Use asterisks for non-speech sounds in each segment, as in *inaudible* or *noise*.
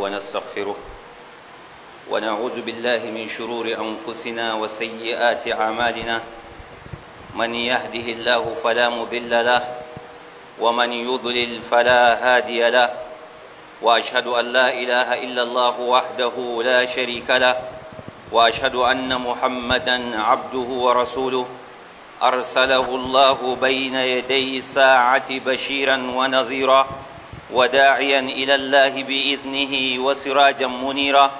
ونستغفره ونعوذ بالله من شرور أنفسنا وسيئات أعمالنا من يهده الله فلا مضل له ومن يضلل فلا هادي له وأشهد أن لا إله إلا الله وحده لا شريك له وأشهد أن محمدا عبده ورسوله أرسله الله بين يدي الساعة بشيرا ونظيرا وداعيا إلى الله بإذنه وسراجا منيرا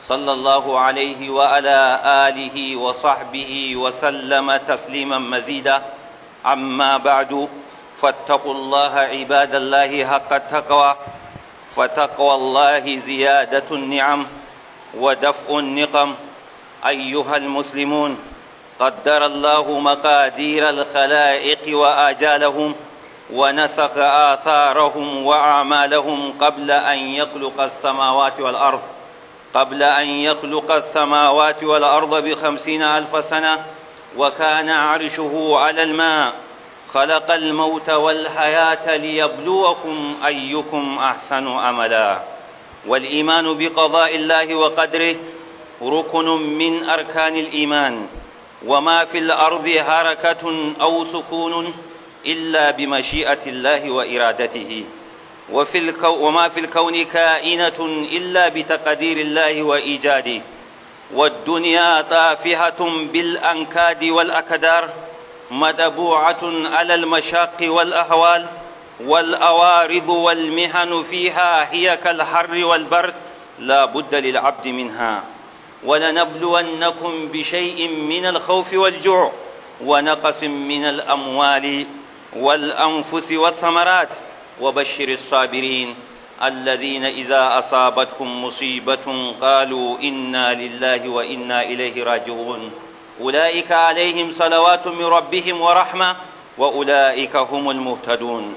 صلى الله عليه وعلى آله وصحبه وسلم تسليما مزيدا أما بعد فاتقوا الله عباد الله حق التقوى فتقوى الله زيادة النعم ودفء النقم أيها المسلمون قدر الله مقادير الخلائق وآجالهم ونسخ آثارهم وأعمالهم قبل أن يخلق السماوات والأرض قبل أن يخلق السماوات والأرض بخمسين ألف سنة وكان عرشه على الماء خلق الموت والحياة ليبلوكم أيكم أحسن أملا والإيمان بقضاء الله وقدره ركن من أركان الإيمان وما في الأرض حركة أو سكون إلا بمشيئة الله وإرادته وفي الكو وما في الكون كائنة إلا بتقدير الله وإيجاده والدنيا طافهة بالأنكاد والأكدار مدبوعة على المشاق والأهوال والأوارض والمهن فيها هي كالحر والبرد لا بد للعبد منها ولنبلونكم بشيء من الخوف والجوع ونقص من الأموال والأنفس والثمرات وبشر الصابرين الذين إذا أصابتهم مصيبة قالوا إنا لله وإنا إليه راجعون أولئك عليهم صلوات من ربهم ورحمة وأولئك هم المهتدون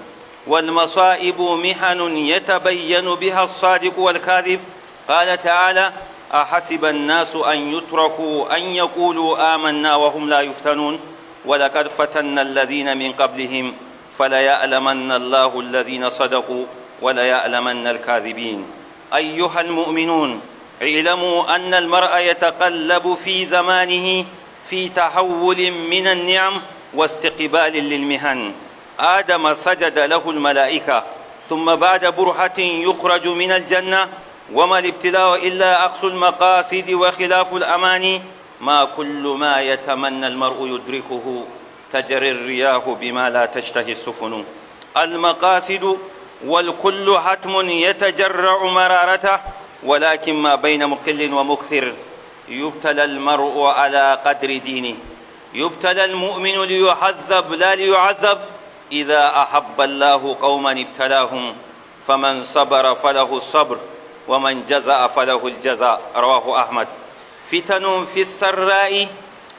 والمصائب محن يتبين بها الصادق والكاذب قال تعالى أحسب الناس أن يتركوا أن يقولوا آمنا وهم لا يفتنون ولقد فتنا الذين من قبلهم فليعلمن الله الذين صدقوا وليعلمن الكاذبين أيها المؤمنون اعلموا أن المرء يتقلب في زمانه في تحول من النعم واستقبال للمهن آدم سجد له الملائكة ثم بعد برهة يخرج من الجنة وما الابتلاء إلا أقصى المقاصد وخلاف الأماني ما كل ما يتمنى المرء يدركه تجري الرياح بما لا تشتهي السفن المقاصد والكل حتم يتجرع مرارته ولكن ما بين مقل ومكثر يبتلى المرء على قدر دينه يبتلى المؤمن ليحذب لا ليعذب إذا أحب الله قوما ابتلاهم فمن صبر فله الصبر ومن جزع فله الجزاء رواه أحمد فتن في السراء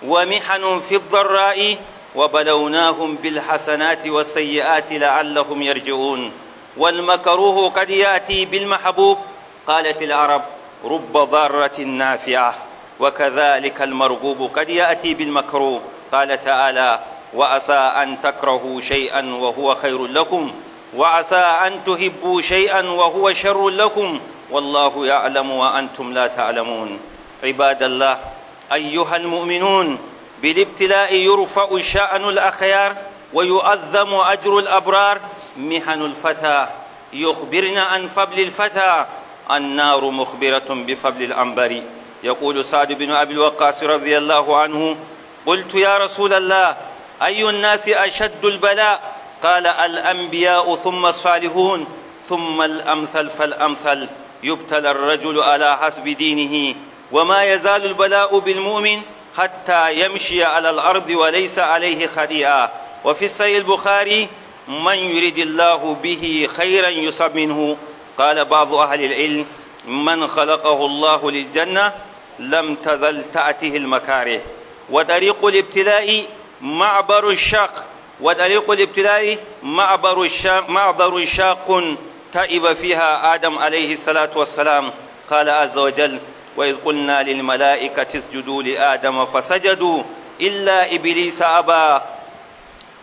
ومحن في الضراء وبلوناهم بالحسنات والسيئات لعلهم يرجعون والمكروه قد يأتي بالمحبوب قالت العرب رب ضارة نافعة وكذلك المرغوب قد يأتي بالمكروه قال تعالى وعسى أن تكرهوا شيئا وهو خير لكم وعسى أن تحبوا شيئا وهو شر لكم والله يعلم وأنتم لا تعلمون عباد الله أيها المؤمنون بالابتلاء يرفع شأن الأخيار ويؤذم أجر الأبرار مهن الفتى يخبرنا عن فبل الفتى النار مخبرة بفبل الأنبر يقول سعد بن أبي الوقاص رضي الله عنه قلت يا رسول الله أي الناس أشد البلاء قال الأنبياء ثم الصالحون ثم الأمثل فالأمثل يبتلى الرجل على حسب دينه وما يزال البلاء بالمؤمن حتى يمشي على الأرض وليس عليه خديئة وفي الصحيح البخاري من يريد الله به خيرا يصب منه قال بعض أهل العلم من خلقه الله للجنة لم تزل تأته المكاره وطريق الابتلاء معبر الشاق وطريق الابتلاء معبر الشاق معبر الشاق تائب فيها آدم عليه الصلاة والسلام قال عز وجل وإذ قلنا للملائكة اسجدوا لآدم فسجدوا إلا إبليس أبى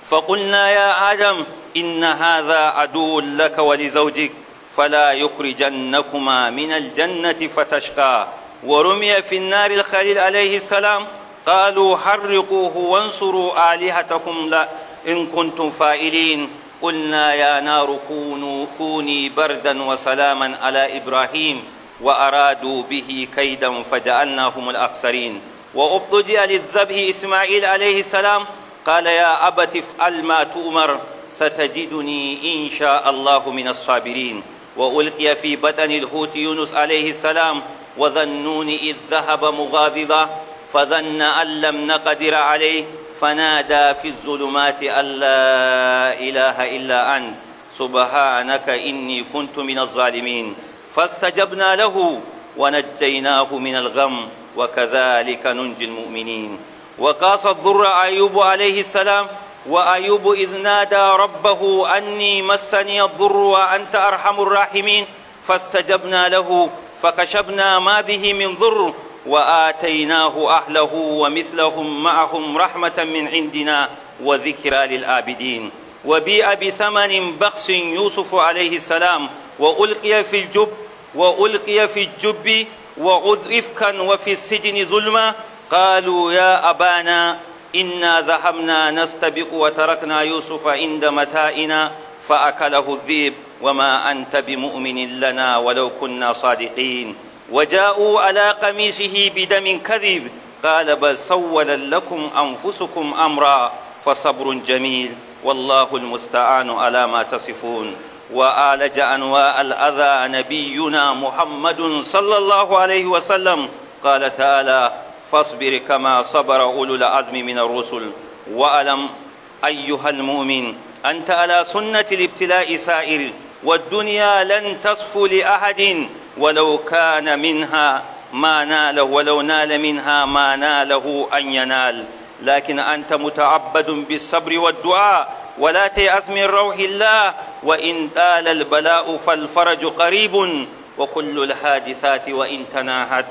فقلنا يا آدم إن هذا عدو لك ولزوجك فلا يخرجنكما من الجنة فتشقى ورمي في النار الخليل عليه السلام قالوا حرقوه وانصروا آلهتكم لا إن كنتم فائلين قلنا يا نار كونوا كوني بردا وسلاما على إبراهيم وأرادوا به كيدا فجعلناهم الأخسرين وأبطجئ للذبح إسماعيل عليه السلام قال يا أبت افعل ما تؤمر ستجدني إن شاء الله من الصابرين وألقي في بطن الحوت يونس عليه السلام وظنون إذ ذهب مغاضبا فظن أن لم نقدر عليه فنادى في الظلمات أن لا إله إلا أنت سبحانك إني كنت من الظالمين فاستجبنا له ونجيناه من الغم وكذلك ننجي المؤمنين وقاس الضر أيوب عليه السلام وأيوب إذ نادى ربه أني مسني الضر وأنت أرحم الراحمين فاستجبنا له فكشفنا ما به من ضر وآتيناه أهله ومثلهم معهم رحمة من عندنا وذكرى للآبدين وبيئ بثمن بخس يوسف عليه السلام وألقي في الجب وألقي في الجب وعد رفكا وفي السجن ظلما قالوا يا أبانا إنا ذهبنا نستبق وتركنا يوسف عند متائنا فأكله الذئب وما أنت بمؤمن لنا ولو كنا صادقين وجاءوا على قميصه بدم كذب قال بل سول لكم أنفسكم أمرا فصبر جميل والله المستعان على ما تصفون وعالج أنواء الأذى نبينا محمد صلى الله عليه وسلم قال تعالى فاصبر كما صبر أولو العزم من الرسل وألم أيها المؤمن أنت على سنة الابتلاء سائر والدنيا لن تصفو لأحد ولو كان منها ما ناله ولو نال منها ما ناله أن ينال لكن أنت متعبد بالصبر والدعاء ولا تيأس من روح الله وإن آل البلاء فالفرج قريب وكل الحادثات وإن تناهت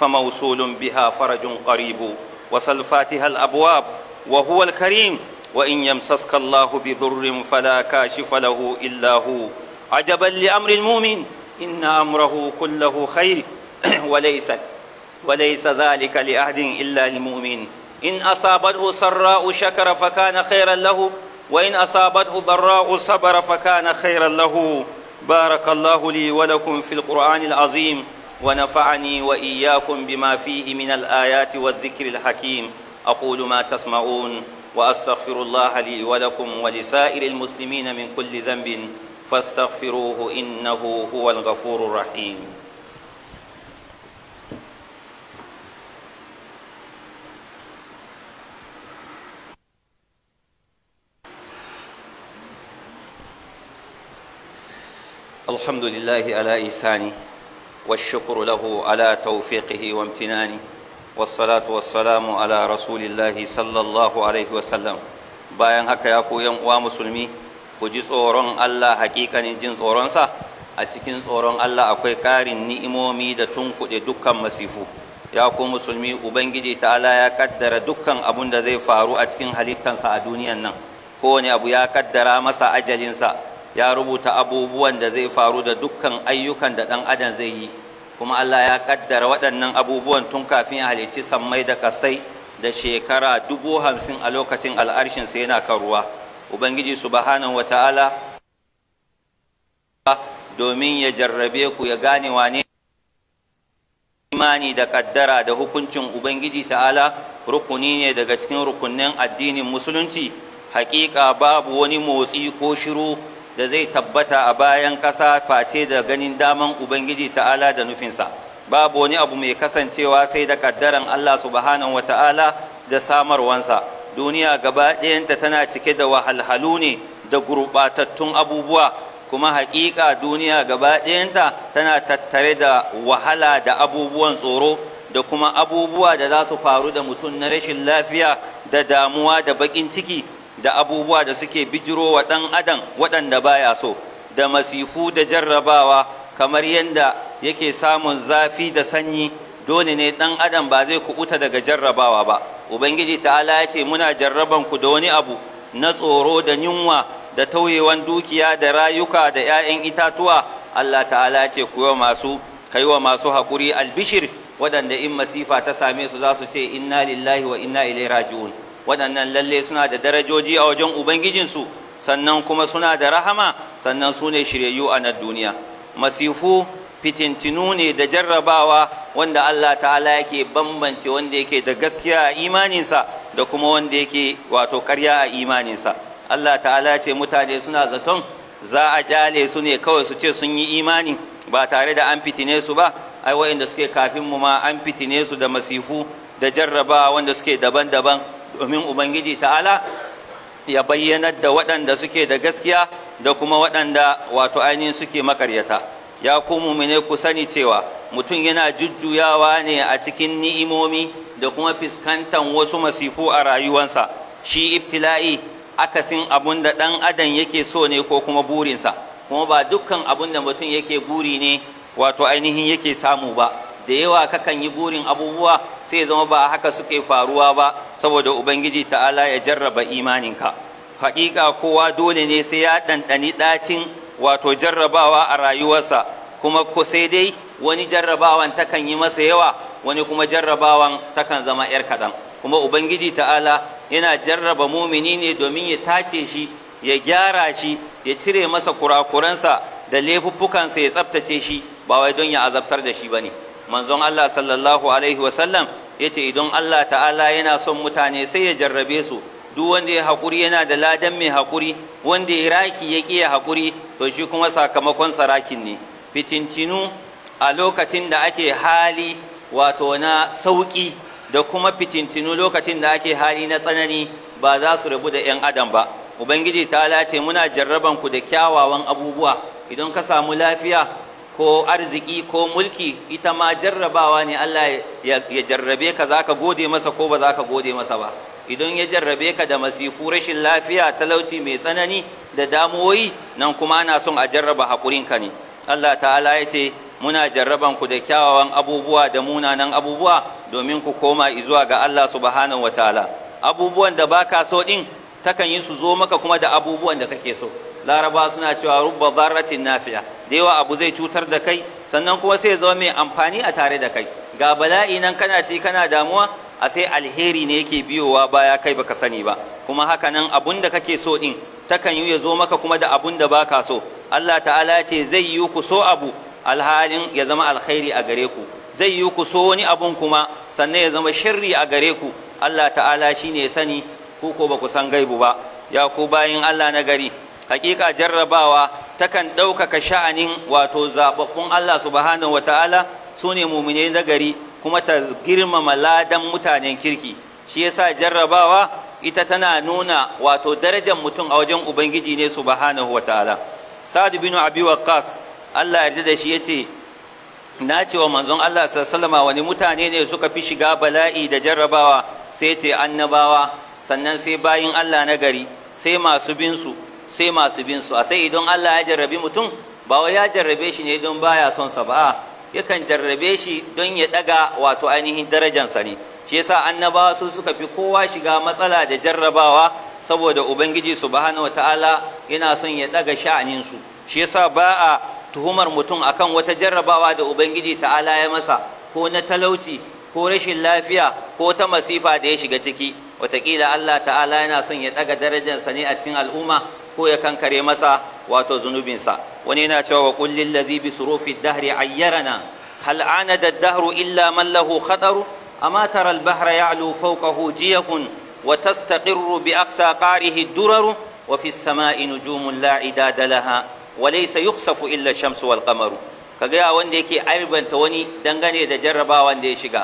فموصول بها فرج قريب وصلفاتها الأبواب وهو الكريم وإن يمسسك الله بضر فلا كاشف له إلا هو عجبا لأمر المؤمن إن أمره كله خير *clears throat* وليس وليس ذلك لأحد إلا المؤمن إن أصابته سراء شكر فكان خيرا له وإن أصابته ضراء صبر فكان خيرا له بارك الله لي ولكم في القرآن العظيم ونفعني وإياكم بما فيه من الآيات والذكر الحكيم أقول ما تسمعون وأستغفر الله لي ولكم ولسائر المسلمين من كل ذنب فاستغفروه إنه هو الغفور الرحيم الحمد لله على إحسانه والشكر له على توفيقه وامتنانه والصلاة والسلام على رسول الله صلى الله عليه وسلم bayan haka ya koyan uwa musulmi ku ji tsoron Allah hakikanin jin tsoronsa a cikin tsoron Allah akwai ƙarin ni'imomi da tunkuɗe dukkan masifu ya ku musulmi ubangiji ta'ala ya kaddara dukkan abun da zai faru a cikin halittansa a duniyan nan kowane abu ya kaddara masa ajalinsa ya rubuta abubuwan da zai faru da dukkan ayyukan da ɗan adam zai yi kuma Allah ya kaddara waɗannan abubuwan tun kafin ya halicci sammai da kasai da shekara dubu hamsin a lokacin al'arshin sai yana karuwa ruwa ubangiji subhanahu wata'ala domin ya jarrabe ku ya gane wane imani da kaddara da hukuncin ubangiji ta'ala rukuni ne daga cikin rukunin addinin musulunci hakika babu wani motsi ko shiru da zai tabbata a bayan ƙasa face da ganin daman ubangiji ta'ala da nufinsa babu wani abu mai kasancewa sai da ƙaddaran allah subhanahu wata'ala da samarwansa duniya gaba ɗayanta tana cike da wahalhalu ne da gurɓatattun abubuwa kuma haƙiƙa duniya gaba ɗayanta tana tattare da wahala da abubuwan tsoro da kuma abubuwa da za su faru da mutum na rashin lafiya da damuwa da baƙin ciki da abubuwa da suke bijiro wa ɗan adam waɗanda baya so da masifu da jarrabawa kamar yadda yake samun zafi da sanyi dole ne ɗan adam ba zai kuɓuta daga jarrabawa ba ubangiji ta'ala ya ce muna jarraban ku da wani abu na tsoro da yunwa da tauyewan dukiya da rayuka da 'ya'yan itatuwa allah ta'ala ya ce ku yi masu kaiwa masu haƙuri albishir waɗanda in masifa ta same su za su ce inna lillahi wa inna ilai raji'un waɗannan lalle suna da darajoji a wajen ubangijinsu sannan kuma suna da rahama sannan su ne shiryayyu a nan duniya masifu fitintinu ne da jarrabawa wanda Allah ta'ala yake bambance wanda yake da gaskiya a imaninsa da kuma wanda yake wato karya a imaninsa Allah ta'ala ce mutane suna zaton za a jale su ne kawai su ce sun yi imani ba tare da an fitine su ba ai wa'inda suke kafin mu ma an fitine su da masifu da jarrabawa wanda suke daban-daban domin ubangiji ta'ala ya bayyanar da waɗanda suke da gaskiya da kuma waɗanda wato ainihin suke makaryata ya ku mumine ku sani cewa mutum yana jujjuyawa ne a cikin ni'imomi da kuma fiskantan wasu masifu a rayuwansa shi ibtila'i akasin abun da ɗan adam yake so ne ko kuma burinsa kuma ba dukkan abunda mutum yake buri ne wato ainihin yake samu ba da yawa kakan yi burin abubuwa sai ya zama ba haka suke faruwa ba saboda ubangiji ta'ala ya jarraba imaninka haƙiƙa kowa dole ne sai ya ɗanɗani ɗacin wato jarrabawa a rayuwarsa kuma ko sai dai wani jarrabawan takan yi masa yawa wani kuma jarrabawan takan zama 'yar kaɗan kuma ubangiji ta'ala yana jarraba mumini ne domin ya tace shi ya gyara shi ya cire masa kurakuransa da laifuffukansa ya tsabtace shi ba wai don ya azabtar da shi ba ne manzon Allah sallallahu alaihi wasallam ya ce idan Allah ta'ala yana son mutane sai ya jarrabe su duk wanda ya hakuri yana da ladan mai hakuri, wanda ya raki ya ƙi ya haƙuri to shi kuma sakamakon sarakin ne fitintinu a lokacin da ake hali wato na sauƙi da kuma fitintinu lokacin da ake hali na tsanani ba za su rabu da 'yan adam ba ubangiji ta ce muna jarraban ku da kyawawan abubuwa idan ka samu lafiya ko arziki ko mulki ita ma jarrabawa ne Allah ya jarrabe ka za ka gode masa ko ba za ka gode masa ba idan ya jarrabe ka da masifu rashin lafiya talauci mai tsanani da damuwoyi nan kuma ana son a jarraba haƙurinka ne Allah ta'ala ya ce muna jarraban ku da kyawawan abubuwa da munanan abubuwa domin ku koma zuwa ga Allah subhanahu wataala abubuwan da baka so din takan yi su zo maka kuma da abubuwan da kake so laraba suna cewa rubba zarratin nafiya da yawa abu zai cutar da kai sannan kuma sai zama mai amfani a tare da kai ga bala'i nan kana ci kana damuwa a sai alheri ne yake biyowa baya kai baka sani ba kuma haka nan abun da kake so din takan yi ya zo maka kuma da abun da baka so Allah ta'ala ce zai yi ku so abu alhalin ya zama alkhairi a gare ku zai yi ku so wani abun kuma sannan ya zama shirri a gare ku Allah ta'ala shine ya sani ku ko ba ku san gaibu ba ya ku bayin Allah na gari hakika jarrabawa takan ɗaukaka sha'anin wato zaɓaɓɓun Allah subhanahu wataala su ne mumine na gari kuma ta girmama ladan mutanen kirki shi yasa jarrabawa ita tana nuna wato darajar mutum a wajen ubangiji ne subhanahu wataala sa'ad bin abi waqqas Allah yarda da shi yace na ce wa manzon Allah sallama wani mutane ne suka fi shiga bala'i da jarrabawa sai ce annabawa sannan sai bayin Allah na gari sai masu bin su sai masu bin su a sai idan Allah ya jarrabi mutum ba wai ya jarrabe shi ne don baya son sa ba yakan jarrabe shi don ya daga wato ainihin sa ne shi yasa annabawa su suka fi kowa shiga matsala da jarrabawa saboda ubangiji subhanahu wataala yana son ya daga sha'anin su shi yasa ba a tuhumar mutum akan wata jarrabawa da ubangiji ta'ala ya masa ko na talauci ko rashin lafiya ko ta masifa da ya shiga ciki wataƙila Allah ta'ala yana son ya daga darajarsa ne a cikin al'umma ko ya kankare masa wato zunubinsa wani yana cewa kullin Lazibi bi surufi dahri ayyarana hal anada dahru illa man lahu khatar amma tara bahra ya'lu fawqahu jiyafun wa tastaqirru bi aqsa qarihi ad-durar wa fi as-sama'i nujumun la idada laha wa laysa yukhsafu illa ash-shamsu wal qamaru kaga wanda yake aibanta wani dangane da jarrabawa da ya shiga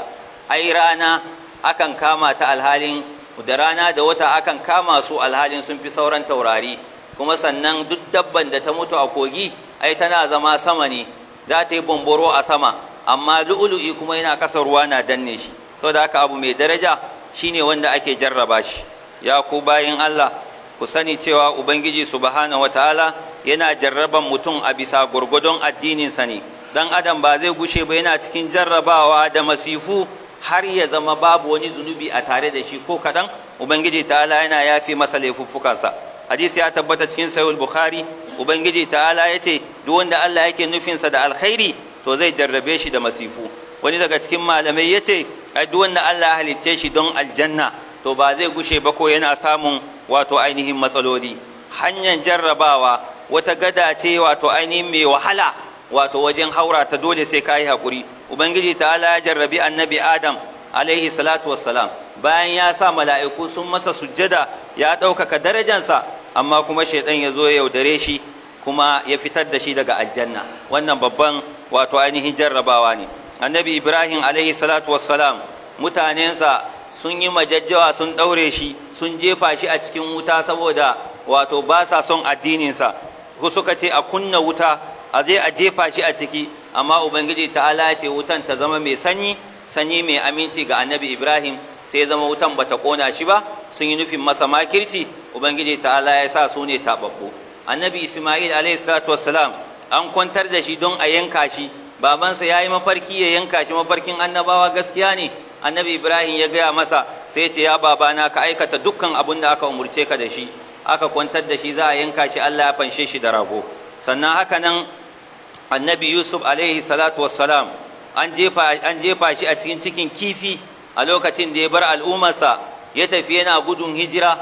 ai rana akan kama ta alhalin da rana da wata akan kama su alhalin sun fi sauran taurari kuma sannan duk dabban da ta mutu a kogi ai tana zama sama ne za ta yi bomboro a sama amma lu'ulu'i kuma yana kasa ruwa na danne shi saboda haka abu mai daraja shine wanda ake jarraba shi ya ku bayin Allah ku sani cewa ubangiji subhanahu wataala yana jarraban mutum a bisa gurgudun sa ne dan adam ba zai gushe ba yana cikin jarrabawa da masifu har ya zama babu wani zunubi a tare da shi ko kaɗan ubangiji ta'ala yana yafi masa laifuffukansa hadisi ya tabbata cikin sahih bukhari ubangiji ta'ala yace duk wanda Allah yake nufin sa da alkhairi to zai jarrabe shi da masifu wani daga cikin malamai yace ai duk wanda Allah halicce shi don aljanna to ba zai gushe ba ko yana samun wato ainihin matsaloli hanyar jarrabawa wata gada ce wato ainihin mai wahala wato wajen haura ta dole sai ka hakuri ubangiji ta'ala ya jarrabi annabi adam alaihi salatu wassalam bayan ya sa mala'iku sun masa sujjada ya ɗaukaka darajansa amma kuma shaidan ya zo ya yaudare shi kuma ya fitar da shi daga aljanna wannan babban wato ainihin jarrabawa ne annabi ibrahim alaihi salatu wassalam mutanensa sun yi majajjawa sun ɗaure shi sun jefa shi a cikin wuta saboda wato ba sa son addininsa suka ce a kunna wuta a je a jefa shi a ciki amma ubangiji ta'ala ce wutan ta zama mai sanyi sanyi mai aminci ga annabi ibrahim sai zama wutan bata kona shi ba sun yi nufin masa makirci ubangiji ta'ala ya sa su ne tababbu annabi isma'il alayhi salatu wassalam an kwantar da shi don a yanka shi babansa ya yi mafarki ya yanka shi mafarkin annabawa gaskiya ne annabi ibrahim ya gaya masa sai ya ce ya babana ka aikata dukkan abin da aka umurce ka da shi aka kwantar da shi za a yanka shi allah ya fanshe shi da rago sannan haka nan annabi yusuf alaihi salatu wassalam an jefa shi a cikin cikin kifi a lokacin da ya bar al'ummarsa ya tafi yana gudun hijira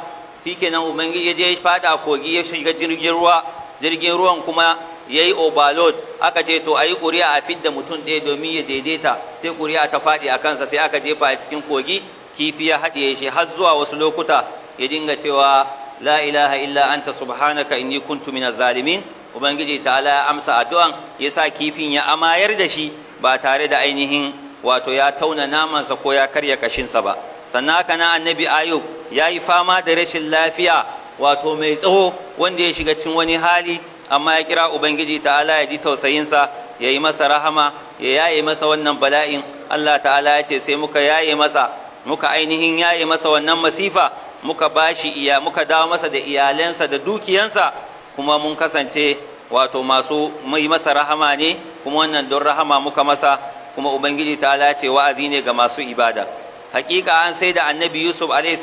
shikenan ubangiji ya je ya fada kogi ya shiga jirgin ruwa jirgin ruwan kuma ya yi overload aka ce to a yi ƙuri'a a fidda mutum ɗaya domin ya daidaita sai ƙuri'a ta faɗi a kansa sai aka jefa a cikin kogi kifi ya haɗiye shi har zuwa wasu lokuta ya dinga cewa la ilaha illa anta subhanaka inni kuntu minaz zalimin ubangiji ta'ala ya amsa addu'an yasa kifin ya amayar da shi ba tare da ainihin wato ya tauna namansa ko ya karya kashinsa ba sannan haka na annabi ayub ya yi fama da rashin lafiya wato mai tsawo wanda ya shiga cikin wani hali amma ya kira ubangiji ta'ala ya ji tausayinsa ya yi masa rahama ya yaye masa wannan bala'in allah ta'ala ya ce sai muka yaye masa muka ainihin yaye masa wannan masifa muka bashi iya muka dawo masa da iyalansa da dukiyansa kuma mun kasance wato masu mai masa rahama ne kuma wannan don rahama muka masa kuma ubangiji ta ce wa'azi ne ga masu ibada hakika an sai da annabi yusuf alaihi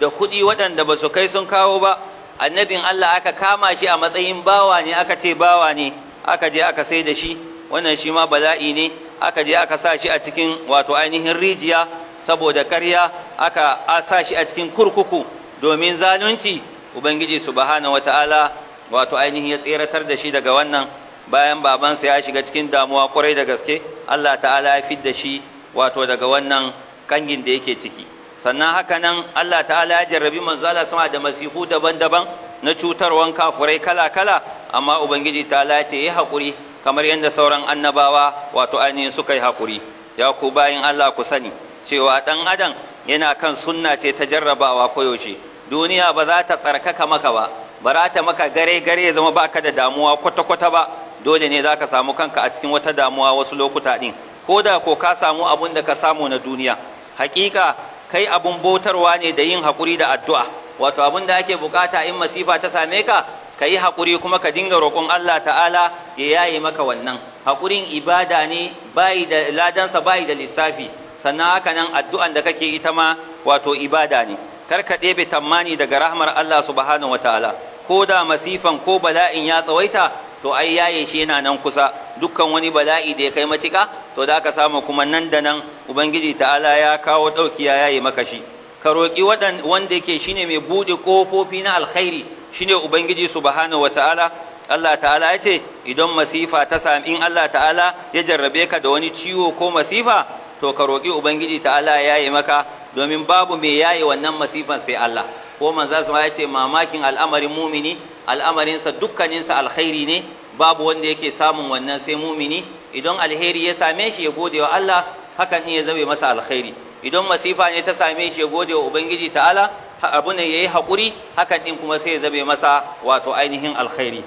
da kuɗi waɗanda ba su kai sun kawo ba annabin allah aka kama shi a matsayin bawa ne aka ce bawa ne aka je aka sai da shi wannan shi ma bala'i ne aka je aka sa shi a cikin wato ainihin rijiya saboda karya aka sa shi a cikin kurkuku domin zalunci ubangiji subhanahu wataala wato ainihin ya tseratar da shi daga wannan bayan babansa ya shiga cikin damuwa kwarai da gaske Allah ta'ala ya fidda shi wato daga wannan kangin da yake ciki sannan haka nan Allah ta'ala ya jarrabi manzo Allah sama da masihu daban-daban na cutarwan kafurai kala-kala amma ubangiji ta'ala ya ce yi haƙuri kamar yadda sauran annabawa wato ainihin suka yi hakuri ya ku bayin Allah ku sani cewa ɗan adam yana kan sunna ce ta jarrabawa koyaushe duniya ba za ta tsarkaka maka ba ba za ta maka gare gare ya zama baka da damuwa kwata-kwata ba dole ne za ka samu kanka a cikin wata damuwa wasu lokuta ɗin ko da ko ka samu abun da ka samu na duniya hakika kai abun bautarwa ne da yin hakuri da addu'a wato abun da ake bukata in masifa ta same ka ka yi hakuri kuma ka dinga roƙon Allah ta'ala ya yaye maka wannan haƙurin ibada ne bayi da ladansa bayi da lissafi sannan haka nan addu'an da kake ita ma wato ibada ne kar ka ɗebe tammani daga rahmar Allah subhanahu wataala ko da masifan ko bala'in ya tsawaita to ai yaye shi yana nan kusa dukkan wani bala'i da ya kai matuƙa to da ka samu kuma nan da nan ubangiji ta'ala ya kawo ɗaukiya ya yaye maka shi ka roƙi wanda yake ne mai buɗe ƙofofi na alkhairi shi ne ubangiji subhanahu ta'ala? Allah ta'ala ya ce idan masifa ta sami in Allah ta'ala ya jarrabe ka da wani ciwo ko masifa to ka roƙi ubangiji ta'ala ya yaye maka domin babu mai yaye wannan masifan sai Allah ko manza su ya ce mamakin al'amarin mumini al'amarinsa dukkaninsa alkhairi ne babu wanda yake samun wannan sai mumini idan alheri ya same shi ya gode wa Allah hakan ya zabe masa alkhairi idan masifa ne ta same shi ya gode wa ubangiji ta'ala abu ne yayi hakuri hakan din kuma sai ya zabe masa wato ainihin alkhairi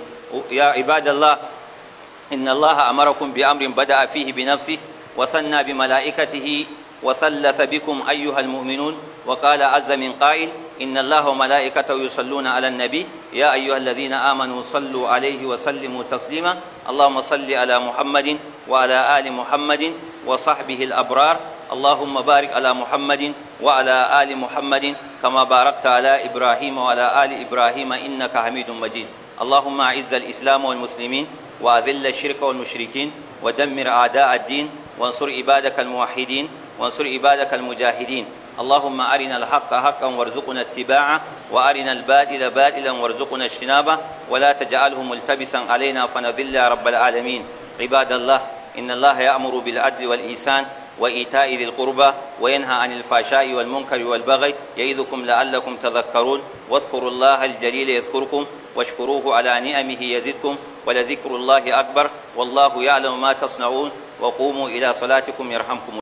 ya ibadallah inna Allah amarakum bi amrin bada'a fihi bi nafsi wa sanna bi malaikatihi وثلث بكم أيها المؤمنون وقال عز من قائل إن الله وملائكته يصلون على النبي يا أيها الذين آمنوا صلوا عليه وسلموا تسليما اللهم صل على محمد وعلى آل محمد وصحبه الأبرار اللهم بارك على محمد وعلى آل محمد كما باركت على إبراهيم وعلى آل إبراهيم إنك حميد مجيد اللهم أعز الإسلام والمسلمين وأذل الشرك والمشركين ودمر أعداء الدين وانصر عبادك الموحدين وانصر عبادك المجاهدين اللهم أرنا الحق حقا وارزقنا اتباعه وأرنا الباطل باطلا وارزقنا اجتنابه ولا تجعله ملتبسا علينا فنذل يا رب العالمين عباد الله إن الله يأمر بالعدل والإيسان وإيتاء ذي القربى وينهى عن الفحشاء والمنكر والبغي يعظكم لعلكم تذكرون واذكروا الله الجليل يذكركم واشكروه على نعمه يزدكم ولذكر الله أكبر والله يعلم ما تصنعون وقوموا إلى صلاتكم يرحمكم